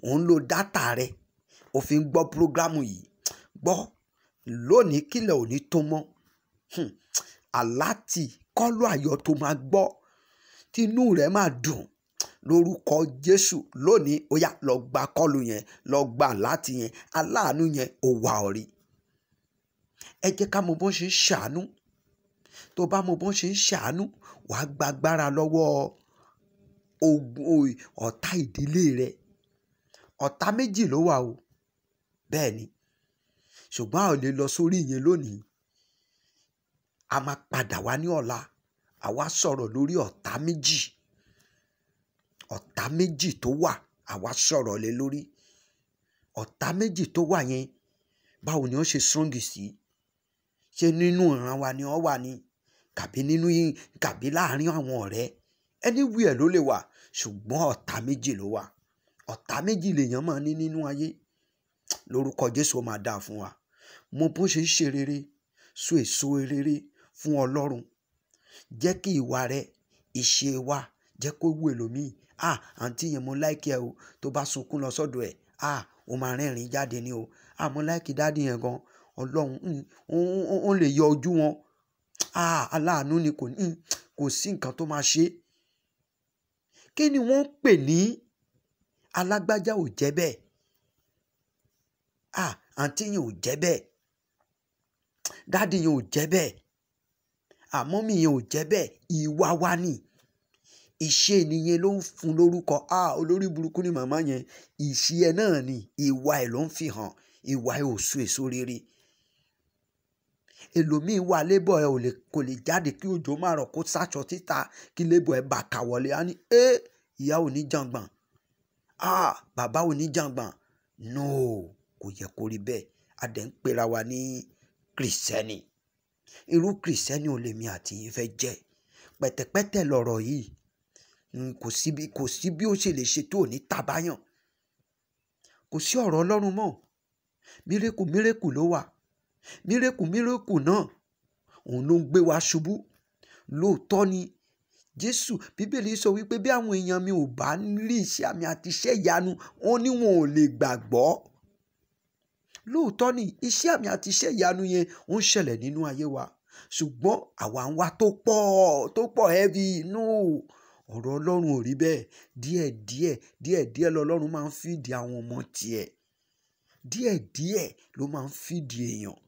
ò ń lo dátà rẹ ò gbọ́ prógrámù yìí gbọ́ lónìí kílẹ̀ òní tó mọ́ aláti hmm kọ́lù ayọ̀ tó máa gbọ́ tí inú rẹ̀ máa dùn lórúkọ jésù lónìí ó yá lọ gba kọ́lù yẹn lọ gba láti yẹn aláàánú yẹn ò wà ọ̀rí ẹ jẹ́ ká mọ bó ṣe ń ṣàánú tó bá mọ bó ṣe ń ṣàánú wàá gba agbára lọ́wọ́ ọ̀tá ìdílé rẹ ọ̀tá méjì ló wà o bẹ́ẹ̀ ni ṣùgbọ́n a ò lè lọ sórí yẹn lónìí a máa padà wá ní ọ̀la àwa sọ̀rọ̀ lórí ọ̀tá méjì ọ̀tá méjì tó wà àwa sọ̀rọ̀ lé lórí ọ̀tá méjì tó wà yẹn báwo ni ó ṣe strong sí ṣé nínú ìran wa ni ó wà ní kàbí nínú kàbí láàrin àwọn ọ̀rẹ́ anywhere ló lè wà ṣùgbọ́n ọ̀tá méjì ló wà ọ̀tá méjì lèèyàn máa ní nínú ayé lórúkọ Jésù máa dáa fún wa mo bó ṣe ń ṣe rere so èso rere fún ọlọ́run jẹ́ kí ìwà rẹ ìṣe wa jẹ́ kó wù ẹlòmíì à àǹtí yẹn mo láìkí ẹ o tó bá sunkún lọ sọ́dọ̀ ẹ̀ à ó máa rẹ́rìn jáde ni o à mo láìkí dáàdì yẹn gan ọlọ́run ó lè yọ ojú wọn à aláàánú ni kò ní kò sí nǹkan tó máa ṣe kí ni wọ́n ń pè ní alágbájá ò jẹ́ bẹ́ẹ̀ à àǹtí yẹn ò jẹ́ bẹ́ẹ̀ dáàdì yẹn ò jẹ́ bẹ́ẹ̀ àmọ́ mi yẹn ò jẹ́ bẹ́ẹ̀ ìwà wa ni ìṣe nìyẹn ló ń fún lórúkọ a olórí burúkú ni màmá yẹn ìṣe ẹ náà ni ìwà ẹ ló ń fi hàn ìwà ẹ ò so èso rere ẹlòmíín wà lébọ̀ ẹ kò lè jáde kí òjò má rọ̀ kó sáṣọ títà kí lébọ̀ ẹ bá kà wọlé á ní ẹ ìyá ò ní jàngbọ̀n a bàbá ò ní jàngbọ̀n no kò yẹ kó rí bẹ́ẹ̀ a dẹ̀ ń pera wa ní kìrìsẹ́nì irú kìrìsẹ́nì ò lèmi àti yín fẹ́ jẹ́ pẹ̀tẹ̀pẹ̀tẹ̀ lọ̀rọ̀ yìí hmm, kò sí bí kò sí bí ó ṣe lè ṣe tó ní tabayàn kò sí ọ̀rọ̀ ọlọ́run mọ́ mírèkù mírèkù ló wà mírèkù mírèkù náà òun ló ń gbé wa ṣubú lóòótọ́ ni jésù bíbélì sọ wípé bí àwọn èèyàn mi ò bá rí iṣẹ́ àmì àti iṣẹ́ ìyanu wọn ni wọn ò lè gbàgbọ́ lóòótọ́ ni iṣẹ́ àmì àti iṣẹ́ ìyanu yẹn ó ń ṣẹlẹ̀ nínú ayé wa ṣùgbọ́n àwa ń wá tó pọ̀ tó pọ̀ heavy no ọ̀rọ̀ ọlọ́run ò rí bẹ́ẹ̀ díẹ̀díẹ̀ díẹ̀díẹ̀ lọ́lọ́run máa ń fìdí àwọn ọmọ tiẹ̀ díẹ̀díẹ̀ ló máa ń fìdí èèyàn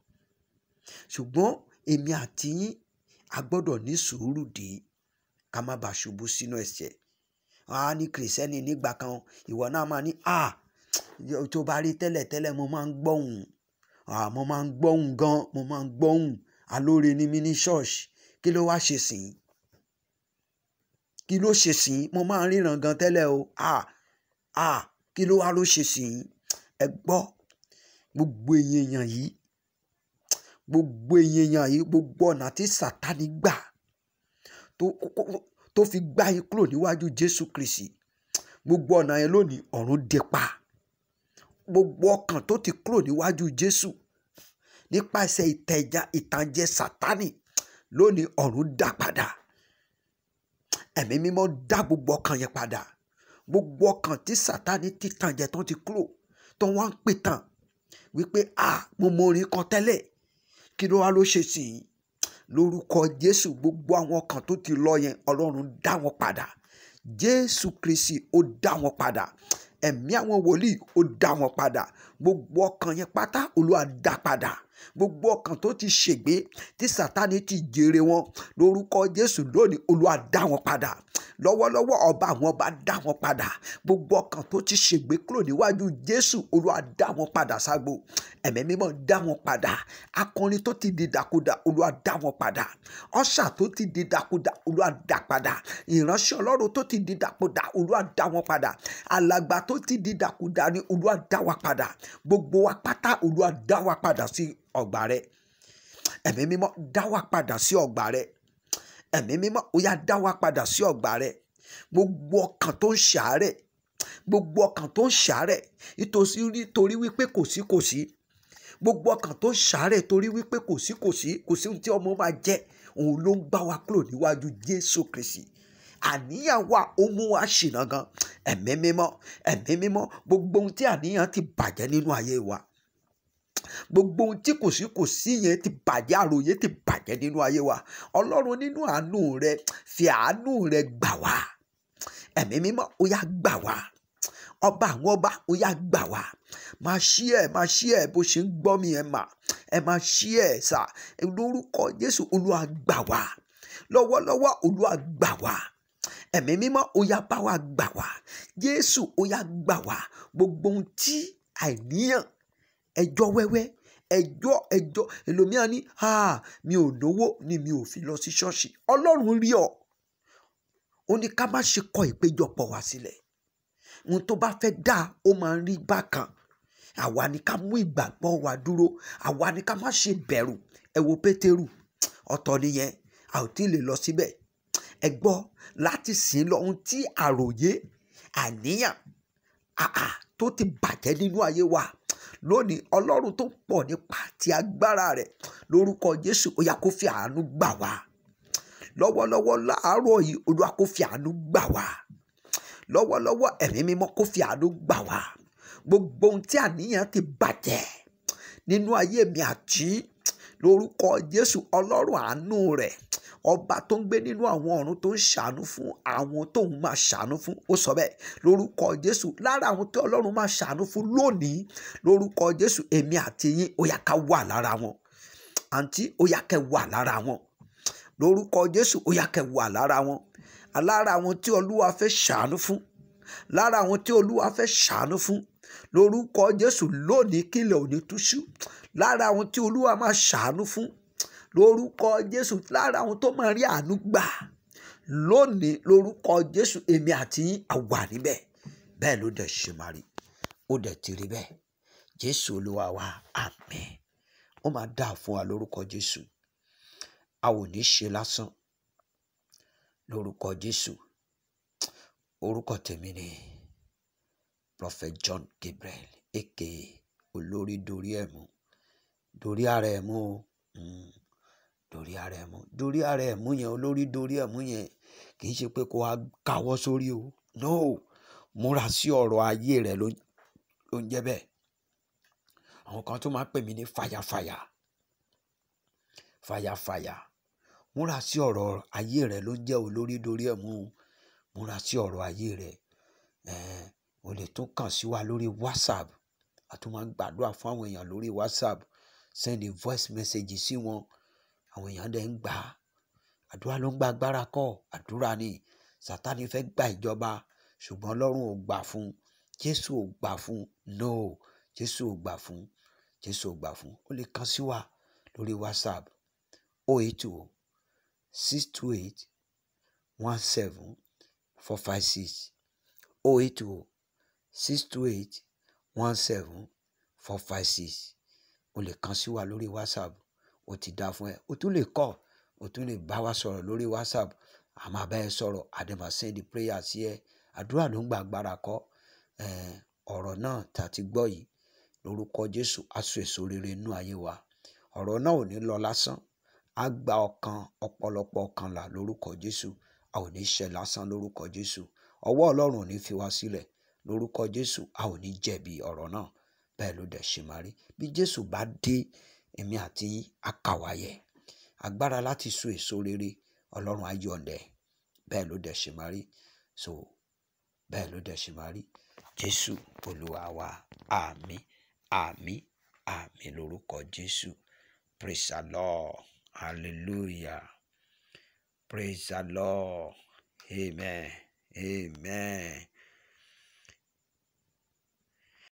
ṣùgbọ́n èmi àti yín a gbọ́dọ̀ ní sùúrù dé ká má bàa ṣubú sínú ẹ̀ṣẹ̀ a ní kìrìsẹ́nì nígbà kan ìwọ náà máa ní Ah, tó bá rí tẹ́lẹ̀tẹ́lẹ̀ mo máa ń gbọ́hùn ah mo máa ń gbọ́hùn gan mo máa ń gbọ́hùn alóore ni mí ní ṣọ́ọ̀ṣì kí ló wá ṣe sìn kí ló ṣe sìn mo máa ń ríran gan tẹ́lẹ̀ o ah ah kí ló wá ló ṣe sìn ẹ gbọ́ gbogbo èèyàn yìí gbogbo èèyàn yìí gbogbo ọ̀nà tí Sátánì gbà tó fi gbá yín kúrò níwájú Jésù Kristi gbogbo ọ̀nà yẹn lónìí ọ̀run dẹpa gbogbo ọkàn tó ti kúrò níwájú Jésù nípasẹ̀ ìtẹ̀jà ìtànjẹ Sátánì lónìí ọ̀run dá padà ẹ̀mí mímọ́ dá gbogbo ọkàn yẹn padà gbogbo ọkàn tí Sátánì ti tànjẹ tó ti kúrò tó wá ń pè tán wípé a mo mọ orin kan tẹ́lẹ̀ kí ló wá ló ṣe sí i lórúkọ Jésù gbogbo àwọn ọkàn tó ti lọ yẹn Ọlọ́run dá wọn padà Jésù Kristi ó dá wọn padà ẹ̀mí àwọn wòlíì ó dá wọn padà gbogbo ọkàn yẹn pátá olúwa dá padà gbogbo ọkàn tó ti ṣègbé tí sátani ti jèrè wọn lórúkọ jésù lónìí olúwa dá wọn padà lọ́wọ́lọ́wọ́ ọba àwọn ọba dá wọn padà gbogbo ọkàn tó ti ṣègbé kúrò níwájú jésù olúwa dá wọn padà ságbo ẹ̀mí mímọ́ dá wọn padà akọrin tó ti di dàkúdà olúwa dá wọn padà ọ̀ṣà tó ti di dàkúdà olúwa dá padà ìránṣẹ́ ọlọ́run tó ti di dàkúdà olúwa dá wọn padà alàgbà tó ti di dàkúdà ni olúwa dá wa padà gbogbo wa pátá olúwa dá wa padà sí ọgbà rẹ ẹ̀mí mímọ́ dá wa padà sí ọgbà rẹ ẹ̀mí mímọ́ ó yá dá wa padà sí ọgbà rẹ gbogbo ọkàn tó ń ṣàárẹ̀ gbogbo ọkàn tó ń ṣàárẹ̀ nítorí wípé kò sí kò sí gbogbo ọkàn tó ń ṣàárẹ̀ torí wípé kò sí kò sí kò sí tí ọmọ máa jẹ òun ló ń gbá wa kúrò níwájú Jésù Kristi àníyàn wa ó mú wa ṣìnà gan ẹ̀mí mímọ́ ẹ̀mí mímọ́ gbogbo ohun tí àníyàn ti bàjẹ́ nínú ayé wa gbogbo ohun tí kò sí kò sí yẹn ti bàjẹ́ àròyé ti bàjẹ́ nínú ayé wa ọlọ́run nínú àánú rẹ fi àánú rẹ gbà wá ẹ̀mí mímọ́ ó yá gbà wá ọba àwọn ọba ó yá gbà wá máa ṣí ẹ máa ṣí ẹ bó ṣe ń gbọ́ mi ẹ mà ẹ máa ṣí ẹ sà lórúkọ jésù olúwa gbà wá lọ́wọ́lọ́wọ́ olúwa gbà wá ẹ̀mí mímọ́ ó yá bá wa gbà wá jésù ó yá gbà wá gbogbo ohun tí àìníyàn ẹjọ́ wẹ́wẹ́ ẹjọ́ ẹjọ́ ẹlòmíà ní mi ò lówó ni mi ò fi lọ sí ṣọ́ọ̀ṣì ọlọ́run rí ọ ó ní ká má ṣe kọ ìpéjọpọ̀ wá sílẹ̀ ohun tó bá fẹ́ dáa ó máa ń rí bákan àwa ni ká mú ìgbàgbọ́ wa dúró àwa ni ká má ṣe bẹ̀rù ẹ wo pétérù ọ̀tọ̀ nìyẹn a ò tí ì lè lọ síbẹ̀ ẹ gbọ́ láti sìn lọ ohun tí àròyé àníyàn àà tó ti bàjẹ́ nínú ayé wa lónìí ọlọ́run tó pọ̀ nípa ti agbára rẹ̀ lórúkọ jésù ó yá kó fi àánú gbà wá lọ́wọ́lọ́wọ́ láàárọ̀ yìí olúwa kó fi àánú gbà wá lọ́wọ́lọ́wọ́ ẹ̀mí mímọ́ kó fi àánú gbà wá gbogbo ohun tí àníyàn ti bàjẹ́ nínú ayé mi àti lórúkọ jésù ọlọ́run àánú rẹ̀ ọba tó ń gbé nínú àwọn ọ̀run tó ń ṣàánú fún àwọn tóun máa ṣàánú fún ó sọ bẹ́ẹ̀ lórúkọ jésù lára àwọn tó ọlọ́run máa ṣàánú fún lónìí lórúkọ jésù èmi àti yín ó yá ká wà lára wọn àǹtí ó yá kẹ́ wà lára wọn lórúkọ jésù ó yá kẹ́ wà lára wọn lára àwọn tí olúwa fẹ́ ṣàánú fún lára àwọn tí olúwa fẹ́ ṣàánú fún lórúkọ jésù lónìí kílẹ̀ òní túṣú lára àwọn tí olúwa máa ṣàánú fún lórúkọ jésù lára àwọn tó máa rí àánú gbà lónìí lórúkọ jésù èmi àti àwa níbẹ̀ bẹ́ẹ̀ ló dẹ̀ ṣe máa rí ó dẹ̀ ti rí bẹ́ẹ̀ jésù olúwa wa àmín ó máa dáa fún wa lórúkọ jésù a ò ní ṣe lásán lórúkọ jésù orúkọ tèmi ni prophet john gabriel aka olórí dorí ẹ̀ dorí ara ẹ̀ o. Mm dorí ara ẹ̀ mú dorí ara ẹ̀ mú yẹn olórí dorí ẹ̀ mú yẹn kì í ṣe pé kó a káwọ́ sórí o no múra sí ọ̀rọ̀ ayé rẹ̀ ló ń jẹ́ bẹ́ẹ̀ àwọn kan tó máa ń pè mí ní fàyàfàyà fàyàfàyà múra sí ọ̀rọ̀ ayé rẹ̀ ló ń jẹ́ olórí dorí ẹ̀ mú múra sí ọ̀rọ̀ ayé rẹ̀ o lè tún kàn sí wa lórí whatsapp a tún máa ń gbàdúrà fún àwọn èèyàn lórí whatsapp send a voice message sí wọn àwọn èèyàn dẹ̀ ń gbà á àdúrà ló ń gba agbára kọ́ àdúrà ni sátani fẹ́ gba ìjọba ṣùgbọ́n ọlọ́run ò gbà fún jésù ò gbà fún no jésù ò gbà fún jésù ò gbà fún ó lè kàn sí wa lórí whatsapp oh oh, six, 628 17 456 080 628 17 456 o lè kàn sí wa lórí whatsapp ó ti dáa fún ẹ o tún lè kọ́ o tún lè bá wa sọ̀rọ̀ lórí whatsapp a máa bá ẹ sọ̀rọ̀ àdèmà send prayer sí ẹ àdúrà ló ń gba agbára kọ́ ọ̀rọ̀ náà tá a ti gbọ́ yìí lórúkọ jésù á èso rere inú ayé wa ọ̀rọ̀ náà ò ní lọ lásán á gba ọkàn ọ̀pọ̀lọpọ̀ ọkàn là lórúkọ jésù a ò ní ṣe lásán lórúkọ jésù ọwọ́ ọlọ́run ò ní fi wá sílẹ̀ lórúkọ jésù a ò ní jẹ̀bi ọ̀rọ̀ náà bẹ́ẹ̀ ló dẹ̀ ṣe máa rí bí jésù bá dé èmi àti yín á kà wá yẹ agbára láti so èso rere ọlọ́run á yọ̀ǹdẹ̀ bẹ́ẹ̀ ló dẹ̀ ṣe máa rí so bẹ́ẹ̀ ló dẹ̀ ṣe máa rí jésù olúwa wa àmín àmín àmín lórúkọ jésù praise the lord hallelujah praise the lord amen amen.